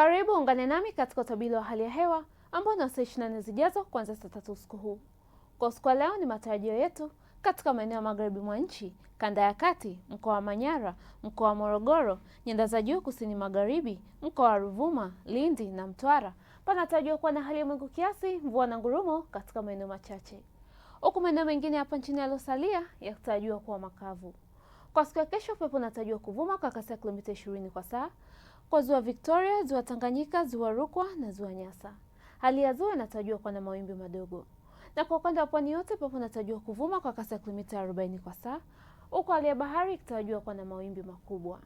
Karibu ungane nami katika utabiri wa hali ya hewa ambao ni wa saa 24 zijazo kuanzia saa tatu usiku huu. Kwa usiku wa leo ni matarajio yetu katika maeneo ya magharibi mwa nchi, kanda ya kati, mkoa wa Manyara, mkoa wa Morogoro, nyanda za juu kusini magharibi, mkoa wa Ruvuma, Lindi na Mtwara, panatarajiwa kuwa na hali ya mawingu kiasi, mvua na ngurumo katika maeneo machache, huku maeneo mengine hapa nchini yaliyosalia yakitarajiwa kuwa makavu. Kwa siku ya kesho, pepo unatarajiwa kuvuma kwa kasi ya kilomita 20 kwa saa kwa ziwa Victoria, ziwa Tanganyika, ziwa Rukwa na ziwa Nyasa. Hali ya ziwa inatajwa kuwa na mawimbi madogo, na kwa ukanda wa pwani yote papo inatarajiwa kuvuma kwa kasi ya kilomita 40 kwa saa, huku hali ya bahari ikitarajiwa kuwa na mawimbi makubwa.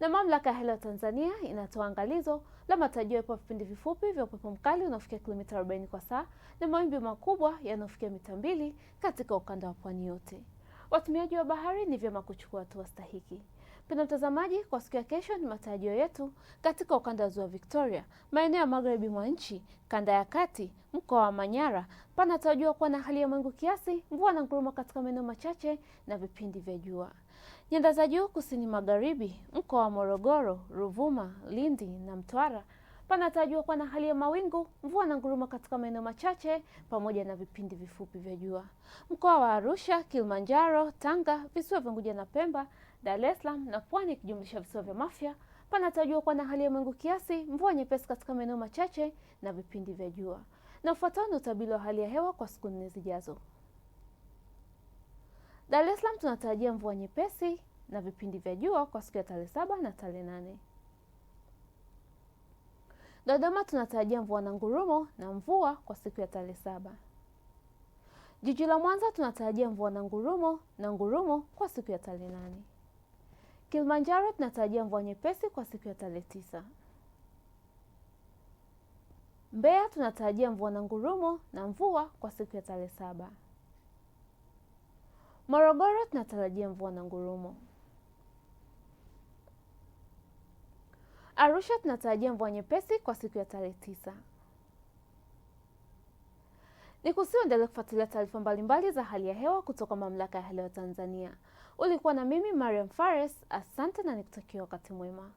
Na mamlaka ya hali ya Tanzania inatoa angalizo la matarajio ya vipindi vifupi vya upepo mkali unaofikia kilomita 40 kwa saa na mawimbi makubwa yanayofikia mita mbili katika ukanda wa pwani yote. Watumiaji wa bahari ni vyema kuchukua hatua stahiki. Pena mtazamaji, kwa siku ya kesho ni matarajio yetu katika ukanda wa ziwa Victoria, maeneo ya magharibi mwa nchi, kanda ya kati, mkoa wa Manyara, panatarajiwa kuwa na hali ya mawingu kiasi, mvua na ngurumo katika maeneo machache na vipindi vya jua. Nyanda za juu kusini magharibi, mkoa wa Morogoro, Ruvuma, Lindi na Mtwara panatajwa kuwa na hali ya mawingu, mvua na ngurumo katika maeneo machache pamoja na vipindi vifupi vya jua. Mkoa wa Arusha, Kilimanjaro, Tanga, visiwa vya Unguja na Pemba, Dar es Salaam na Pwani ikijumlisha visiwa vya Mafia panatajwa kuwa na hali ya mawingu kiasi, mvua nyepesi katika maeneo machache na vipindi vya jua. Na ufuatao ni utabiri wa hali ya hewa kwa siku nne zijazo. Dar es Salaam tunatarajia mvua nyepesi na vipindi vya jua kwa siku ya tarehe saba na tarehe nane. Dodoma tunatarajia mvua na ngurumo na mvua kwa siku ya tarehe saba. Jiji la Mwanza tunatarajia mvua na ngurumo na ngurumo kwa siku ya tarehe nane. Kilimanjaro tunatarajia mvua nyepesi kwa siku ya tarehe tisa. Mbeya tunatarajia mvua na ngurumo na mvua kwa siku ya tarehe saba. Morogoro tunatarajia mvua na ngurumo. Arusha tunatarajia mvua nyepesi kwa siku ya tarehe tisa. Ni kusiuendelee kufuatilia taarifa mbalimbali za hali ya hewa kutoka Mamlaka ya Hali ya Hewa Tanzania. Ulikuwa na mimi Mariam Fares, asante na nikutakia wakati mwema.